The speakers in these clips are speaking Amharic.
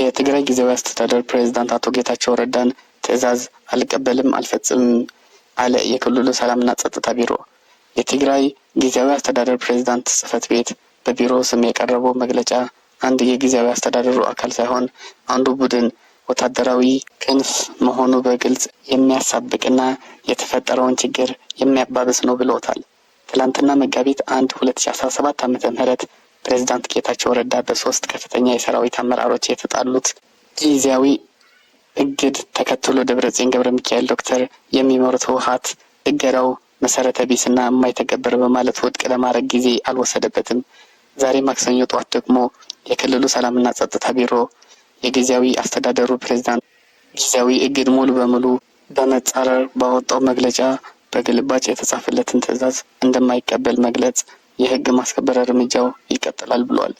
የትግራይ ጊዜያዊ አስተዳደር ፕሬዝዳንት አቶ ጌታቸው ረዳን ትዕዛዝ አልቀበልም አልፈጽምም አለ የክልሉ ሰላምና ጸጥታ ቢሮ። የትግራይ ጊዜያዊ አስተዳደር ፕሬዝዳንት ጽህፈት ቤት በቢሮ ስም የቀረበው መግለጫ አንድ የጊዜያዊ አስተዳደሩ አካል ሳይሆን አንዱ ቡድን ወታደራዊ ክንፍ መሆኑ በግልጽ የሚያሳብቅና የተፈጠረውን ችግር የሚያባብስ ነው ብለውታል። ትላንትና መጋቢት አንድ ሁለት ሺ አስራ ሰባት አመተ ምህረት ፕሬዚዳንት ጌታቸው ረዳ በሶስት ከፍተኛ የሰራዊት አመራሮች የተጣሉት ጊዜያዊ እግድ ተከትሎ ደብረጽዮን ገብረ ሚካኤል ዶክተር የሚመሩት ህወሓት እገዳው መሰረተ ቢስና የማይተገበር በማለት ውድቅ ለማድረግ ጊዜ አልወሰደበትም። ዛሬ ማክሰኞ ጠዋት ደግሞ የክልሉ ሰላምና ጸጥታ ቢሮ የጊዜያዊ አስተዳደሩ ፕሬዚዳንት ጊዜያዊ እግድ ሙሉ በሙሉ በመጻረር ባወጣው መግለጫ በግልባጭ የተጻፈለትን ትዕዛዝ እንደማይቀበል መግለጽ የህግ ማስከበር እርምጃው ይቀጥላል ብሏል።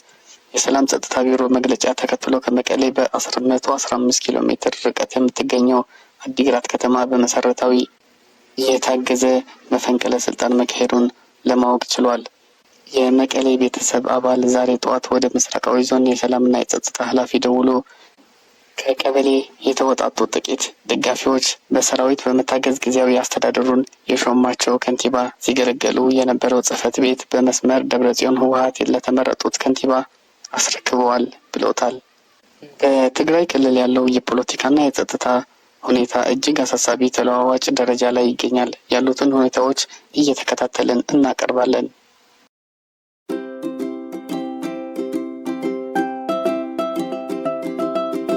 የሰላም ጸጥታ ቢሮ መግለጫ ተከትሎ ከመቀሌ በ115 ኪሎ ሜትር ርቀት የምትገኘው አዲግራት ከተማ በመሰረታዊ የታገዘ መፈንቅለ ስልጣን መካሄዱን ለማወቅ ችሏል። የመቀሌ ቤተሰብ አባል ዛሬ ጠዋት ወደ ምስራቃዊ ዞን የሰላምና የጸጥታ ኃላፊ ደውሎ ከቀበሌ የተወጣጡ ጥቂት ደጋፊዎች በሰራዊት በመታገዝ ጊዜያዊ አስተዳደሩን የሾማቸው ከንቲባ ሲገለገሉ የነበረው ጽህፈት ቤት በመስመር ደብረጽዮን ህወሀት ለተመረጡት ከንቲባ አስረክበዋል ብለውታል። በትግራይ ክልል ያለው የፖለቲካና የጸጥታ ሁኔታ እጅግ አሳሳቢ ተለዋዋጭ ደረጃ ላይ ይገኛል። ያሉትን ሁኔታዎች እየተከታተልን እናቀርባለን።